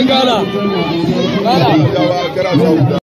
gana gana.